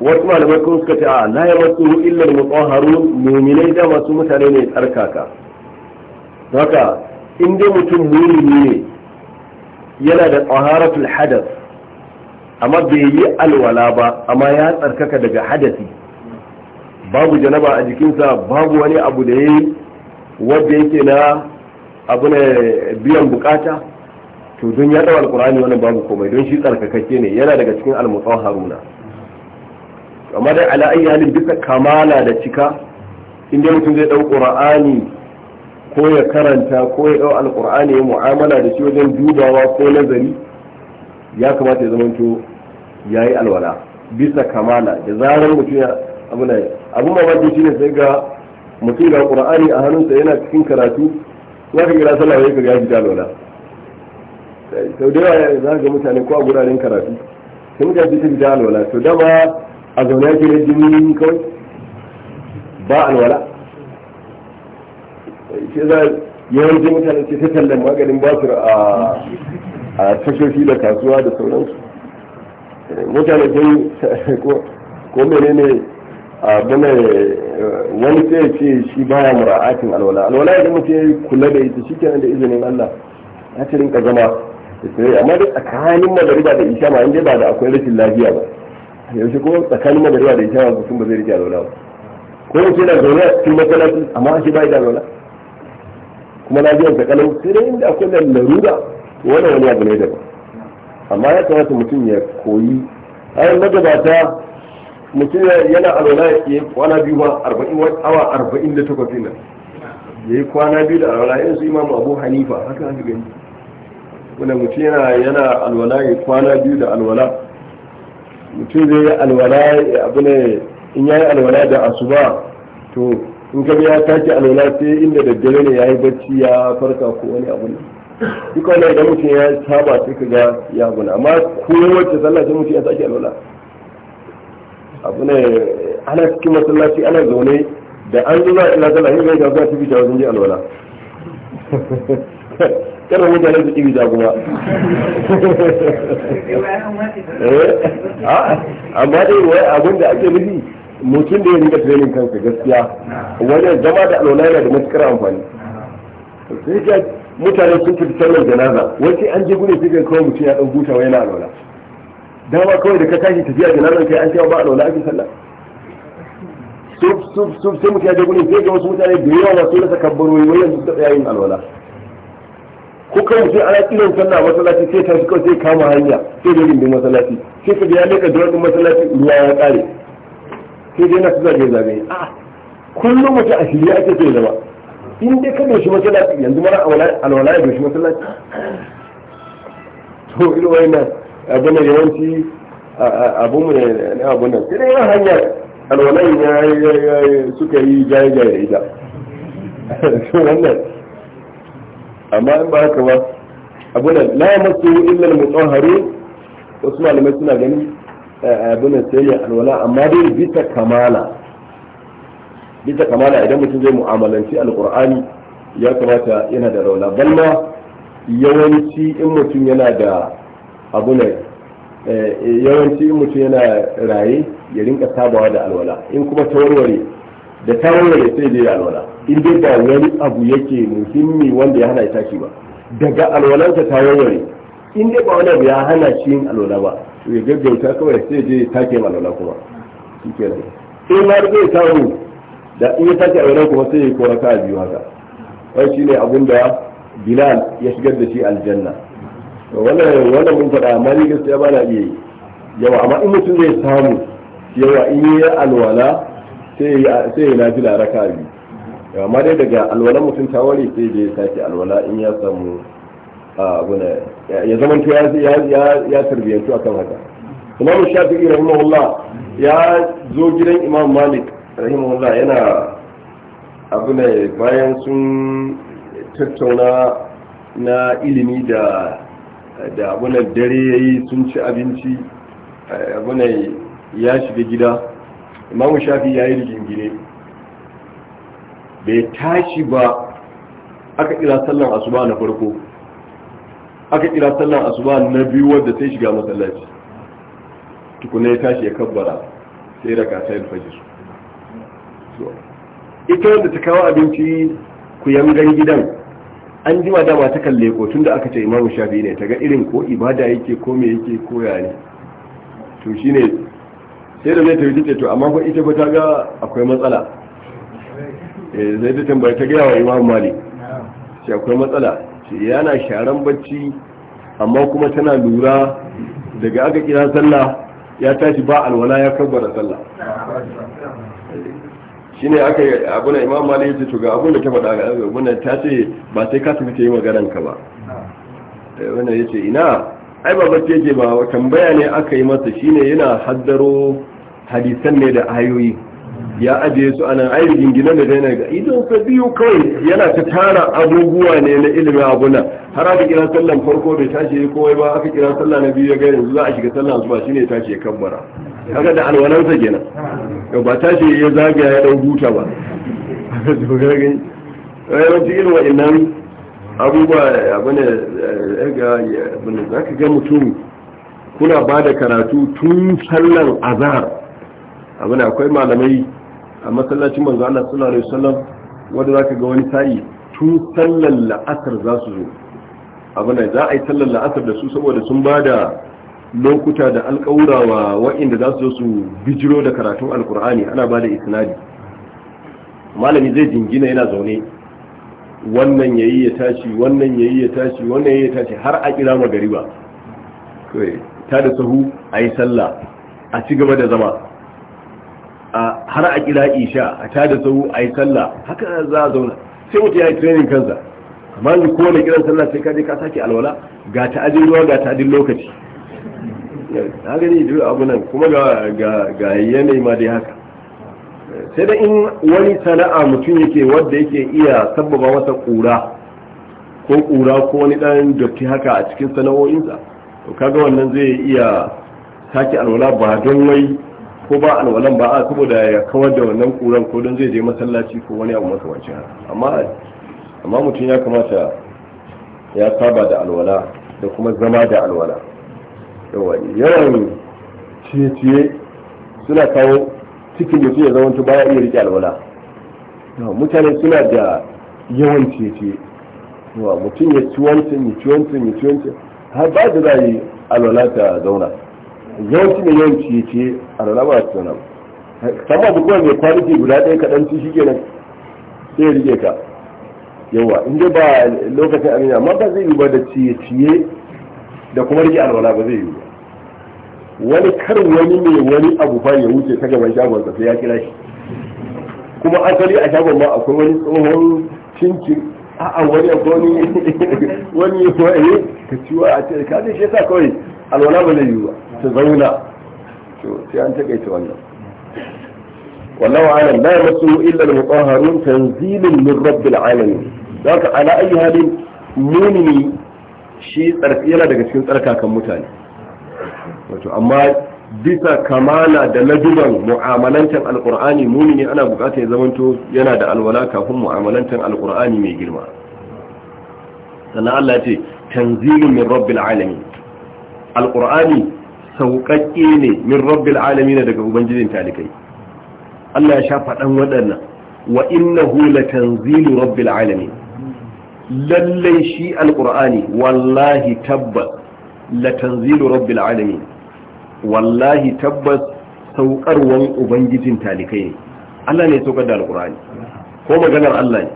wasu malamai kuma suka ce a la masu illar mutsaharu mu'minai da masu mutane ne tsarkaka haka in dai mutum mu'mini ne yana da taharatul hadas amma bai yi alwala ba amma ya tsarkaka daga hadasi babu janaba a jikinsa babu wani abu da ya yi wadda yake na abu na biyan bukata to don ya ɗau alkur'ani wannan babu komai don shi tsarkakakke ne yana daga cikin almutsawa haruna amma dai ala ayi halin duka kamala da cika inda mutum zai dau qur'ani ko ya karanta ko ya dau alqur'ani ya mu'amala da shi wajen dubawa ko nazari ya kamata ya to yayi alwala bisa kamala da zarar mutum ya abu ne abu mamaki shine sai ga mutum ga qur'ani a hannunsa yana cikin karatu za ka kira sallah yake ga ya fita alwala sau da yawa za ga mutane ko a guraren karatu sun ga fita fita alwala to dama a zaune yake da jini kawai ba alwala shi za yawancin mutane ce ta tallan maganin basir a tashoshi da kasuwa da sauransu mutane sun ko menene wani sai ce shi baya mura'atin alwala alwala ya zama kula da ita shikenan da izinin Allah ya ci rinka zama da amma duk tsakanin magariba da isha ma inda ba da akwai rashin lafiya ba yaushe ko tsakanin madariya da isha mutum ba zai rike alwala ba ko yaushe yana zaune a cikin masallaci amma ashe ba da alwala kuma na biyan tsakanin sai dai inda akwai da laruba wani abu ne ba. amma ya kamata mutum ya koyi ayan magabata mutum yana alwala ya yi kwana biyu ba arba'in awa arba'in da takwas ɗin ya yi kwana biyu da alwala yanzu imamu abu hanifa haka haka gani wanda mutum yana yana alwala ya kwana biyu da alwala mutum zai yi alwala abu ne in ya yi alwala da asuba to in ka ya tashi alwala sai inda daddare ne ya yi bacci ya farka ko wani abu ne duk wani idan mutum ya saba sai ka ga ya guna amma kowace sallah sai mutum ya tashi alwala abu ne ana cikin masallaci ana zaune da an zuwa ila sallah ne ga zuwa cikin da wajen je alwala kada mutane su bija kuma eh? ah, amma dai wai abin da ake nufi mutum da ya rinka training kansa gaskiya wani zama da alwala yana da matukar amfani sai ga mutane sun fi sallar janaza wai an je gudu sai ga kawai mutum ya ɗan wa yana alwala dama kawai da ka tashi tafiya janaza kai an cewa ba alwala ake sallah sub sub sub sai mutum ya je sai ga wasu mutane da yawa masu rasa kabbarori wai yanzu suka tsaya alwala ko kawai sai ana kiran sannan masallaci sai ta shi kawai sai kama hanya sai da rindin masallaci sai ka ya leka duwatsun masallaci ruwa ya kare sai dai na su zagaye zagaye a kullum mace a shirye ake sai zama in dai ka doshi masalaci yanzu mara alwala ya doshi masallaci to irin wannan abin da yawanci abu mu ne abun nan sai dai yana hanya alwala ya suka yi jaye jaye da ita wannan amma in ba haka ba abuna la yamassu illa al-mutahharun wasu malamai suna ganin eh, eh, abuna sai ne alwala amma dai bisa kamala bisa kamala idan mutum zai mu'amalanci alqur'ani ya kamata yana da raula balma yawanci in mutum yana da abuna eh, yawanci in mutum yana raye ya rinka sabawa da alwala in kuma ta warware da tawarware sai dai alwala in dai ba wani abu yake muhimmi wanda ya hana ya tashi ba daga alwalanta ta yawari in dai ba wani abu ya hana shi yin alwala ba to ya gaggauta kawai sai je ya take alwala kuma shikenan in da zai samu da in ya take alwala kuma sai ya kora ka biyu haka wai shine abin da Bilal ya shigar da shi aljanna to wannan wannan mun faɗa amma ni gaskiya ba na iya yi yawa amma in mutum zai samu yawa in yi alwala sai sai ya lafi da raka biyu amma dai daga alwala mutum ta ware sai da ya sake alwala in ya samu abuna ya zama ya ya a akan haka imam shafi'i rahimahullah ya zo gidan imam malik rahimahullah yana abuna bayan sun tattauna na ilimi da da abuna dare yayi sun ci abinci abuna ya shiga gida imam shafi ya yi rigingine bai tashi ba aka kira sallar asuba na farko aka kira sallar asuba na biyu wadda sai shiga masallaci tukuna ya tashi ya kabbara sai raka sai su. ita wanda ta kawo abinci ku yangan gidan an jima dama ta kalle ko tunda aka ce imamu shafi ne ta ga irin ko ibada yake ko me yake ko ya ne to shine sai da zai tafi to amma ko ita ba ta ga akwai matsala Eh, zai da tambayi ta gaya wa imam Mali. shi akwai matsala shi yana sharan bacci amma kuma tana lura daga aka kira sallah ya tashi ba alwala ya kabbara sallah eh, shi ne aka yi abunan imam mali ya ce to ga abun da ta faɗa ga abuna ta ce ba sai ka tafi yi magaran ka ba eh, wanda ya ce ina ai ba bacci yake ba tambaya ne aka yi masa shine yana haddaro hadisan ne da ayoyi ya ajiye su anan ai rigingine da daina ga idan ka biyu kawai yana ta tara abubuwa ne na ilimin abuna har aka kira sallan farko bai tashi ko komai ba aka kira sallah na biyu ya ga yanzu za a shiga sallan ba shine ya tashi ya kabbara kaga da alwalan sa kenan to ba tashi ya zagaya ya dau huta ba to ga gani yawanci irin wa'annan abubuwa abin da eh, za ka ga mutum kuna ba da karatu tun sallan azhar abuna akwai malamai a masallacin manzo Allah sallallahu alaihi wasallam wanda zaka ga wani sa'i tun sallar la'asar za su zo abin za a yi sallar la'asar da su saboda sun ba da lokuta da alƙaurawa wa'inda za su zo su bijiro da karatun alkur'ani ana ba da isnadi malami zai jingina yana zaune wannan ya ya tashi wannan ya ya tashi wannan ya ya tashi har a kira magariba ta da sahu a yi sallah a ci gaba da zama har a kira isha a tada sau a yi sallah haka za a zauna sai mutum ya yi training kansa amma ko da kiran sallah sai kaje ka sake alwala ga ta'adin ruwa ga ta'adin lokaci na gani duk abu nan kuma ga yanayi ma dai haka sai da in wani sana'a mutum yake wadda yake iya sabbaba masa kura ko kura ko wani dan dotti haka a cikin sana'o'insa to kaga wannan zai iya sake alwala ba don wai ko ba alwalan ba a saboda ya kawar da wannan kuran ko don zai je masallaci ko wani abu makamancin amma amma mutum ya kamata ya saba da alwala da kuma zama da alwala yawan ciye-ciye suna kawo cikin mutum ya zama baya iya rike alwala mutane suna da yawan ciye-ciye mutum ya ci wancan ya ci wancan ya ci wancan har ba da za yi alwala ta zauna yawanci mai yawan ciye-ciye a rana ba su nan sama duk wanda mai kwanaki guda ɗaya kaɗan ci shi kenan sai ya rike ka yawa in dai ba lokacin abin amma ba zai yi ba da ciye-ciye da kuma rike alwala ba zai yi ba wani kar wani mai wani abu fa ya wuce ta gaban shagon sai ya kira shi kuma asali a shagon ma akwai wani tsohon cincin a'a wani wani wani wani ka ciwa a ce ka zai shi sa kawai alwala ba zai yi ba ta zauna sai an takaita wannan wallahu alam la yamassu illa al-mutahharun tanzilun min rabbil alamin zaka ala ayi halin mumini shi tsarki yana daga cikin tsarkakan mutane wato amma bisa kamala da laduban mu'amalantar alkur'ani mumini ana bukata ya zamanto yana da alwala kafin mu'amalantar alkur'ani mai girma sannan Allah ce tanzilun min rabbil alamin alkur'ani sauƙaƙƙe ne min rabbil alamin daga ubangijin talikai Allah ya sha faɗan waɗannan wa innahu latanzilu rabbil alamin lallai shi alqur'ani wallahi tabbas latanzilu rabbil alamin wallahi tabbas saukarwan ubangijin talikai ne Allah ne saukar da alqur'ani ko maganar Allah ne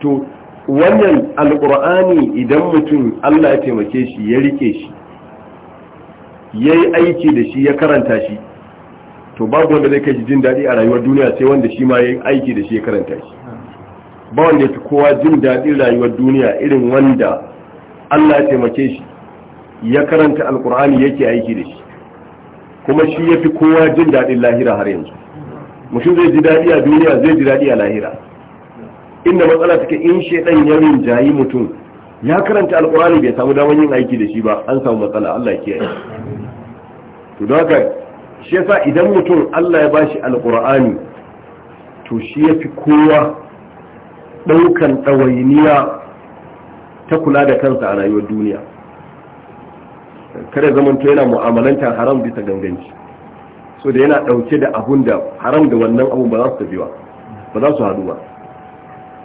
to wannan alqur'ani idan mutum Allah ya taimake shi ya rike shi ya yi aiki da shi ya karanta shi to babu wanda zai kai shi jin daɗi a rayuwar duniya sai wanda shi ma ya yi aiki da shi ya karanta shi ba wanda fi kowa jin daɗin rayuwar duniya irin wanda Allah ya taimake shi ya karanta alkur'ani yake aiki da shi kuma shi ya fi kowa jin daɗin lahira har yanzu mutum zai ji daɗi a duniya zai ji daɗi a lahira inda matsala take in shaidan ya rinjayi mutum ya karanta alkur'ani bai samu damar yin aiki da shi ba an samu matsala Allah ya kiyaye to don haka shi yasa idan mutum Allah ya bashi alqur'ani to shi yafi kowa daukan ɗawainiya ta kula da kansa a rayuwar duniya kada to yana mu'amalanta haram bisa ganganci so da yana dauke da abun da haram da wannan abun ba za su tafi ba za su haɗu ba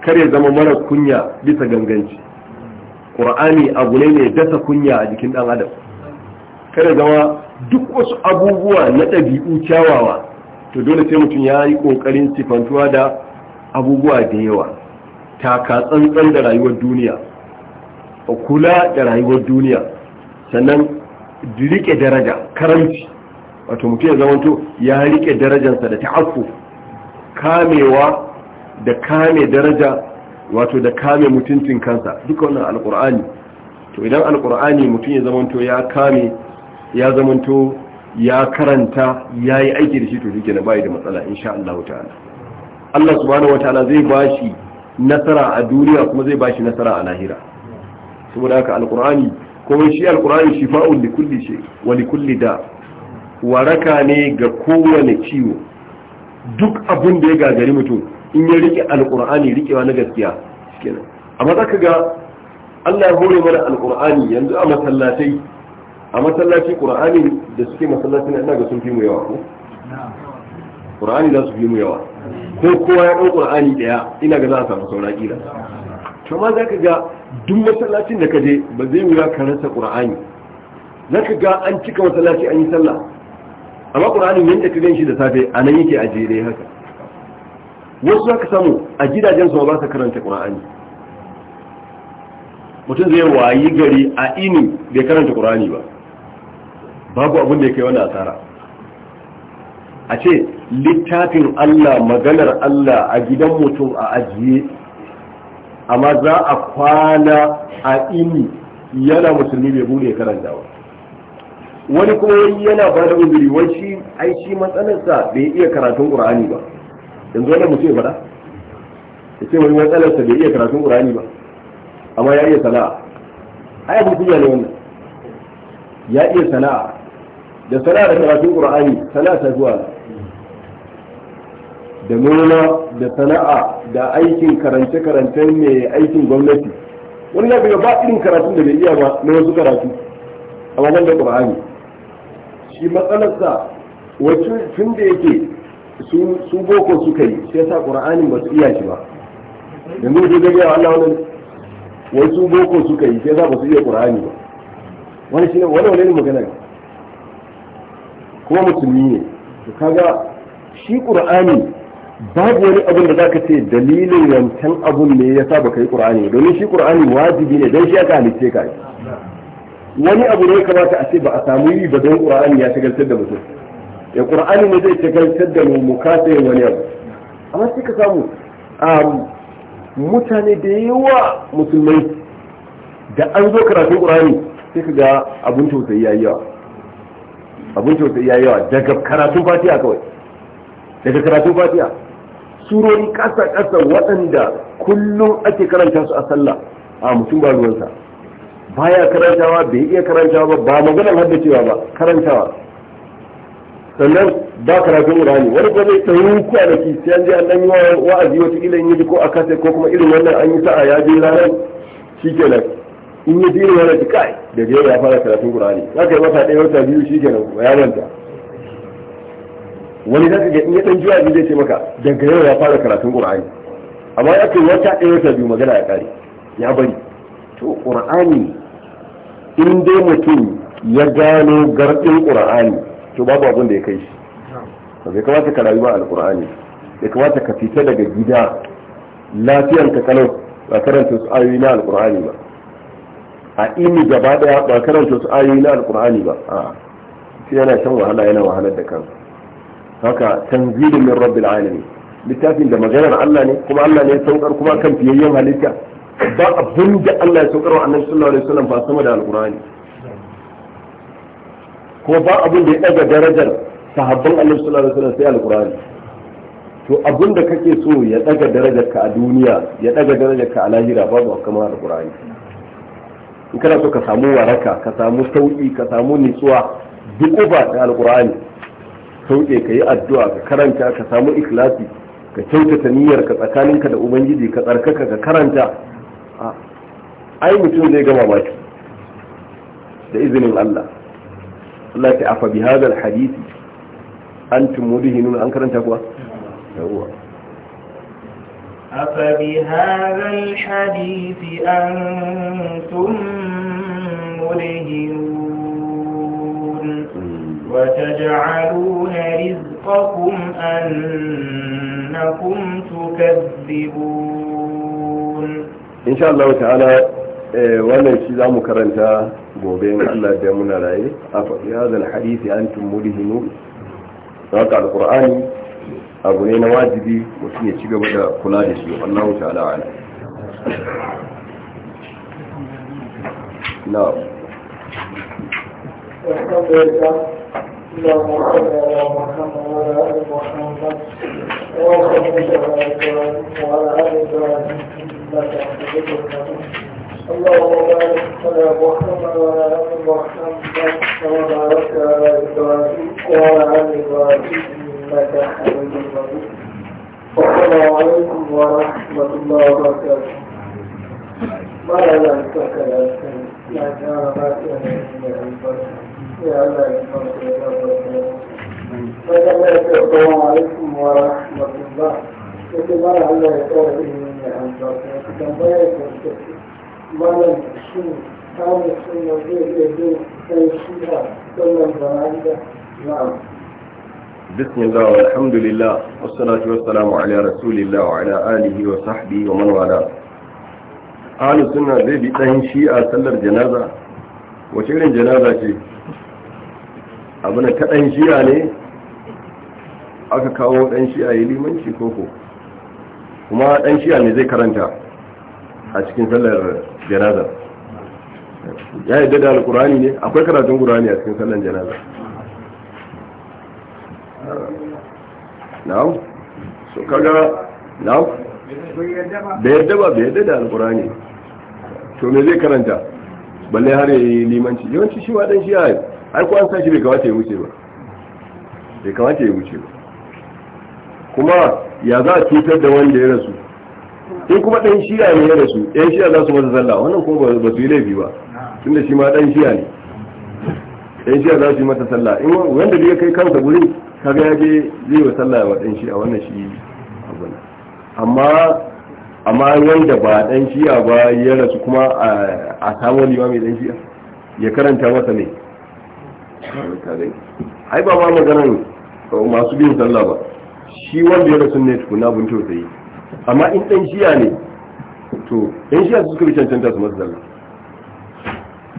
kare zama mara kunya bisa ganganci ƙur'ani abu ne mai dasa kunya a jikin ɗan adam kare zama duk wasu abubuwa na ɗabi'u kyawawa to dole sai mutum ya yi ƙoƙarin sifantuwa da abubuwa da yawa taka tsantsan da rayuwar duniya kula da rayuwar duniya sannan rike daraja karanci wato mutum ya zamanto ya rike darajansa da ta'afu kamewa da kame daraja wato da kame mutuncin kansa duka wannan alkur'ani to idan Alƙur'ani mutum ya zamanto ya kame ya zamanto ya karanta ya yi aiki da shi to shi bai da matsala insha Allah ta'ala Allah subhanahu wataala zai bashi nasara a duniya kuma zai ba shi nasara a lahira saboda haka alqur'ani kuma shi alqur'ani shifa'un li kulli shay wa li kulli da waraka ne ga kowane ciwo duk abin da ya gagari mutum in ya rike alqur'ani rikewa na gaskiya shikenan amma zaka ga Allah ya hore mana alqur'ani yanzu a masallatai a masallaci ƙura'ani da suke masallaci na ina ga sun fi mu yawa ko qur'ani za su fi mu yawa ko kowa ya ɗau ƙura'ani ɗaya ina ga za a samu saura ƙira kama za ka ga duk masallacin da ka je ba zai wuya ka rasa ƙura'ani za ka ga an cika masallaci an yi sallah amma qur'anin yanda ka shi da safe a nan yake a jere haka wasu za ka samu a gidajen su ba sa karanta ƙura'ani mutum zai wayi gari a ini bai karanta ƙura'ani ba babu abin da ya kai wani asara a ce littafin Allah maganar Allah a gidan mutum a ajiye amma za a kwana a ini yana musulmi bai bude karanta ba wani kuma yana ba da uzuri wai shi ai shi matsalarsa bai iya karatun qur'ani ba yanzu wannan mutum ya fada ya ce wani matsalarsa bai iya karatun qur'ani ba amma ya iya sana'a ai abin kunya ne wannan ya iya sana'a da sala da karatun ƙura'ani sana ta zuwa da nuna da sana'a da aikin karance karance mai aikin gwamnati wani ya ga ba irin karatun da bai iya ba na wasu karatu a wajen da ƙura'ani shi matsalarsa wacce tun da yake su boko suka yi shi yasa ƙura'ani ba su iya shi ba yanzu su gani a Allah wannan wasu boko suka yi shi yasa ba su iya ƙura'ani ba wani shi ne wani wani magana ne kuma musulmi ne to kaga shi qur'ani babu wani abin da zaka ce dalilin yantan abun ne ya saba kai yi qur'ani domin shi qur'ani wajibi ne dan shi aka halice ka wani abu ne kamata a ce ba a samu yi ba don qur'ani ya shigar da mutum ya qur'ani ne zai shigar da mu mu kasa wani abu amma sai ka samu um, mutane da yawa musulmai da an zo karatun qur'ani sai ka ga abun tausayi yayi yawa abin tausayi ya yawa daga karatun Fatiya kawai daga karatun Fatiya, surori kasa kasa waɗanda kullum ake karanta su a sallah a mutum ba ruwansa baya karantawa bai iya karantawa ba ba maganar cewa ba karantawa sannan ba karatun qur'ani wani ko zai tsayi kwanaki sai an je an dan yi wa'azi wata kila yi ko a kasa ko kuma irin wannan an yi sa'a ya je ranar shikenan in ya biyo yana ji kai da biyar ya fara karatun qur'ani za ka yi mata ɗaya wata biyu shikenan ya manta wani za ka ga in ya dan juya zai ce maka daga yau ya fara karatun qur'ani amma ya kai wata ɗaya wata biyu magana ya kare ya bari to qur'ani in dai mutum ya gano garɗin qur'ani to babu abin da ya kai shi bai kamata ka rayu ba alqur'ani bai kamata ka fita daga gida lafiyar ka kalau ba karanta su ayoyi na alqur'ani ba a ini gaba daya ba karanta su ayoyi na alkur'ani ba a shi yana shan wahala yana wahalar da kansa haka tanzilin min rabbil alamin littafin da maganar Allah ne kuma Allah ne saukar kuma kan fiyayyen halitta ba abin da Allah ya saukar wa annabi sallallahu alaihi wasallam ba sama da alkur'ani ko ba abin da ya daga darajar sahabban annabi sallallahu alaihi wasallam sai alkur'ani to abin da kake so ya daga darajar ka a duniya ya daga darajar ka a lahira babu kamar alkur'ani in kana so ka samu waraka ka samu sauki ka samu nitsuwa duk uba ta alƙur'ani, sauke ka yi addu'a ka karanta ka samu ikhlasi ka kyautata niyyar ka tsakaninka da ubangiji ka tsarkaka ka karanta ai mutum zai gama baki da izinin Allah Allah ta afa bi hadal hadisi antum mudhinun an karanta kuwa أفبهذا الحديث أنتم مرهنون وتجعلون رزقكم أنكم تكذبون إن شاء الله تعالى wannan shi za mu karanta gobe in Allah da muna raye a faɗi hadal hadisi antum mudhinu saka alqur'ani abu ne na wajibi mutum ya ci gaba da kula da shi wallahu ta'ala ala na اللهم صل على محمد وعلى ال محمد وبارك على ابراهيم وعلى ال ابراهيم انك حميد مجيد اللهم بارك على محمد وعلى ال محمد كما باركت على ابراهيم وعلى ال ابراهيم السلام عليكم ورحمة الله وبركاته ماذا ينفعك يا سيد يا جاربات يا يا الله ينفعك يا رب السلام عليكم ورحمة الله yake mara Allah ya kawo ilimin ya amfani su tambaya da su malam shi samun suna zai iya zai kai shi da sannan zamani da na'am بسم الله والحمد لله والصلاة والسلام على رسول الله وعلى آله وصحبه ومن والاه أهل السنة زي بيتهم شيئا سلر جنازة وشيرين جنازة شيء أبنا كأن شيئا ne aka kawo ɗan shi'a ya limanci koko kuma ɗan shi'a ne zai karanta a cikin sallar janaza ya yi dada alkurani ne akwai karatun ƙur'ani a cikin sallar janaza na'am so kaga na'am bai yadda ba bai yadda da ne to me zai karanta balle har yi limanci yawanci shi wadan shi ai har kuwa an sashi bai kamata ya wuce ba bai kamata ya wuce ba kuma ya za a cutar da wanda ya rasu in kuma dan shiya ne ya rasu ɗan shiya za su masa sallah wannan kuma ba su yi laifi ba tunda shi ma dan shiya ne ɗan shiya za su yi masa sallah in wanda da ya kai kansa gurin kaga ya je zai wa sallah wa dan shi a wannan shi abun amma amma wanda ba dan shi'a ba ya rasu kuma a samu mai dan shi'a ya karanta masa ne ai ba ma maganan masu bin sallah ba shi wanda ya rasu ne tukuna bin tausayi amma in dan shi'a ne to dan shi'a suka bi cancanta su masu sallah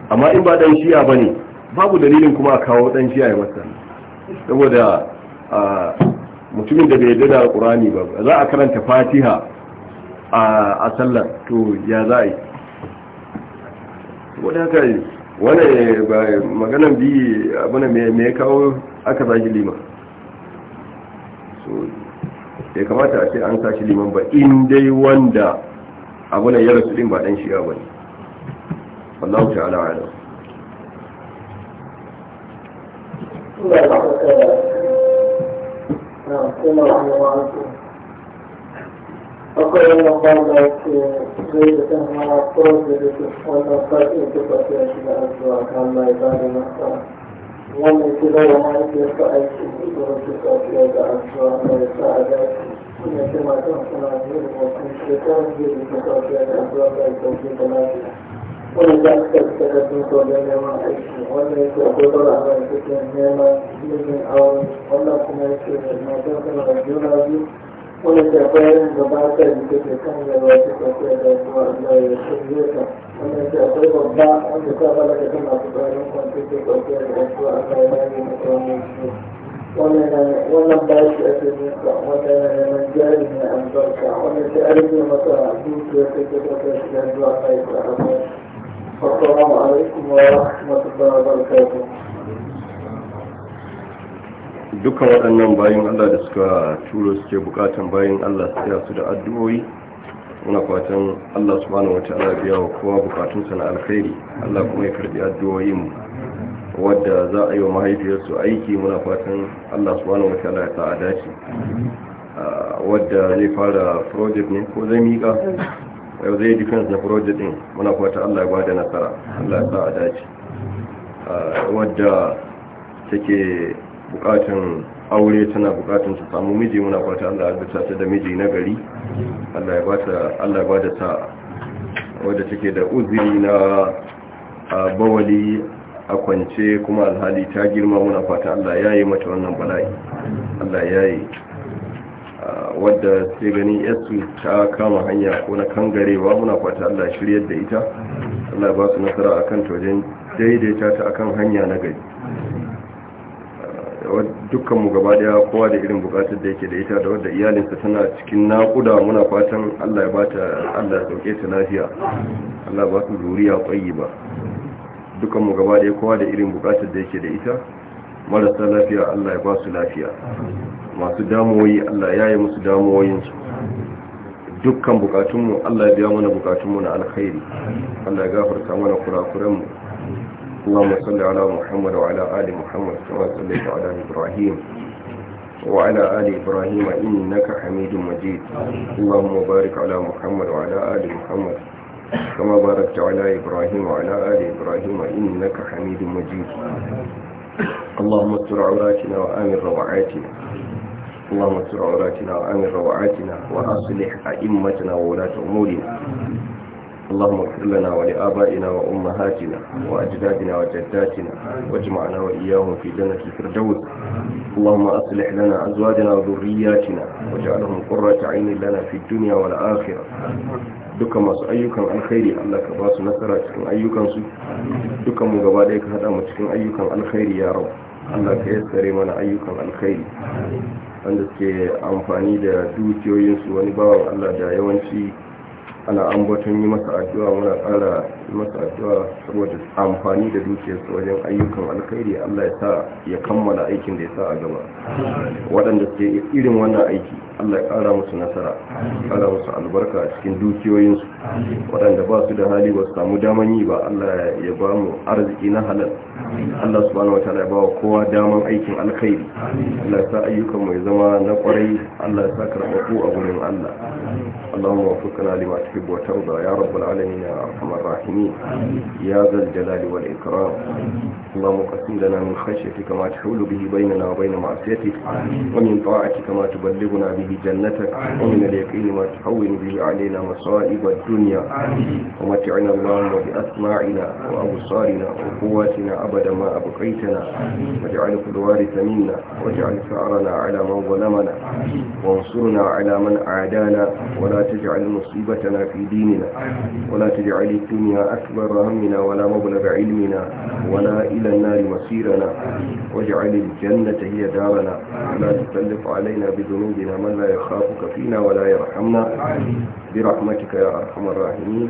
amma in ba dan shi'a ne, babu dalilin kuma a kawo dan shi'a ya masa saboda mutumin da bai dada ƙur'ani alkurani ba za a karanta fatiha a sallar to ya za a yi wadda haka wani maganan biyi abin mai ya kawo aka shi lima so ya kamata a ce an sa shi liman ba in dai wanda abin ya rasu din ba dan shiya ba ne Allah ta'ala alam Allah ya akwai wannan banda ke zai da kan hawa ko da ke wannan sakin ke da azuwa kan mai ba da nasa ke da ke aiki da ke da mai sa a dace kuma ke matan suna zuwa da ke da da Well, that's just the people that they want to see. One day to go to the other, to get near my living hours, all of the nurses and my daughter are doing all this. One is their parents about that because they come there right to go there, they go out there, they should use them. One is their way of back on the cover like a come out to buy them, one to go there, they go out there, they go out there, wannan ba shi a cikin wata yanayin jari ne an barka wanda ta arziki masa dukiyar ta ke da ta shigar zuwa kai da abuwa السلام عليكم ورحمة الله وبركاته duka waɗannan bayan Allah da suka turo suke bukatan bayan Allah su tsaya su da addu'o'i muna fatan Allah subhanahu ta'ala biya wa kowa bukatun na alkhairi Allah kuma ya karbi addu'o'in wadda za a yi wa mahaifiyarsu aiki muna fatan Allah subhanahu ta'ala ya ta'ada dace ah, wadda zai fara project ne ko zai miƙa yau zai defense na project din muna fata Allah ya bada nasara Allah ya sa a dace wadda take bukatun aure tana bukatun su samu miji muna fata Allah ya albata ta da miji na gari Allah ya bata Allah ya bada ta wadda take da uzuri na bawali a kwance kuma alhali ta girma muna fata Allah ya yi mata wannan bala'i Allah ya yi wadda sai gani yasu ta kama hanya ko na kangarewa muna fata Allah shiryar da ita Allah ba su nasara akan wajen daidaita ta akan hanya na gari dukkan mu gaba daya kowa da irin bukatar da yake da ita da wadda iyalinsa tana cikin nakuda muna fatan Allah ya bata Allah ya sauke ta lafiya Allah ba su zuriya kwayi ba dukkan mu gaba daya kowa da irin bukatar da yake da ita marasa lafiya Allah ya ba su lafiya masu damuwoyi Allah ya yi musu damuwoyinsu dukkan bukatunmu Allah ya biya mana bukatunmu na alkhairi Allah ya gafarta mana kurakuranmu Allahumma salli ala Muhammad wa ala ali Muhammad kama sallaita ala Ibrahim wa ala ali Ibrahim innaka Hamidum Majid Allahumma barik ala Muhammad wa ala ali Muhammad kama barakta ala Ibrahim wa ala ali Ibrahim innaka Hamidum Majid اللهم استر عوراتنا وآمن روعاتنا اللهم استر عوراتنا وامن روعاتنا واصلح ائمتنا وولاة امورنا اللهم اغفر لنا ولآبائنا وأمهاتنا وأجدادنا وجداتنا واجمعنا وإياهم في جنة الفردوس اللهم أصلح لنا أزواجنا وذرياتنا واجعلهم قرة عين لنا في الدنيا والآخرة duka masu ayyukan alkhairi Allah ka ba su nasara cikin ayyukansu dukan mu gaba ɗaya ka haɗa mu cikin ayyukan alkhairi ya rau Allah ka yassare mana ayyukan alkhairi wanda suke amfani da dukiyoyinsu wani bawan Allah da yawanci ana ambaton yi masa addu'a muna ƙara masa addu'a saboda amfani da dukiyarsu wajen ayyukan alkhairi Allah ya sa ya kammala aikin da ya sa a gaba waɗanda suke irin wannan aiki Allah ya ƙara musu nasara ƙara musu albarka a cikin dukiyoyinsu waɗanda ba su da hali ba su samu daman yi ba Allah ya ba mu arziki na halal Allah subhanahu wa ta'ala ya ba wa kowa daman aikin alkhairi Allah ya sa ayyukan mu ya zama na ƙwarai Allah ya sa karɓaɓu a gurin Allah Allahumma wafiqna lima tuhibbu wa tarda ya rabbal alamin ya arhamar rahimin ya zal jalali wal ikram Allahumma qasim lana min khashyatika ma tahulu bihi bainana wa bain ma'siyatik wa min ta'atika ma tuballighuna bihi به جنتك ومن اليقين ما تحول به علينا مصائب الدنيا ومتعنا اللهم بأسماعنا وأبصارنا وقواتنا أبدا ما أبقيتنا واجعله الوارث منا واجعل ثأرنا على من ظلمنا وانصرنا على من أعدانا ولا تجعل مصيبتنا في ديننا ولا تجعل الدنيا أكبر همنا ولا مبلغ علمنا ولا إلى النار مصيرنا واجعل الجنة هي دارنا ولا تسلط علينا بذنوبنا من لا يخافك فينا ولا يرحمنا برحمتك يا أرحم الراحمين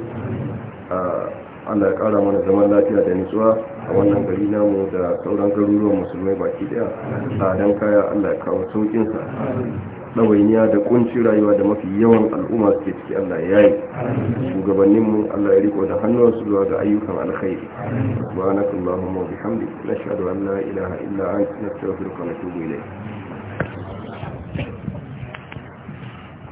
Allah ya kara mana zaman lafiya da nutsuwa a wannan gari namu da sauran garuruwan musulmai baki daya tsadan kaya Allah ya kawo saukinsa ɗawainiya da kunci rayuwa da mafi yawan al'umma suke ciki Allah ya yi shugabanninmu Allah ya riko da su zuwa ga ayyukan alkhairi subhanakallahumma wa bihamdik nashhadu an la ilaha illa anta nastaghfiruka wa natubu ilayk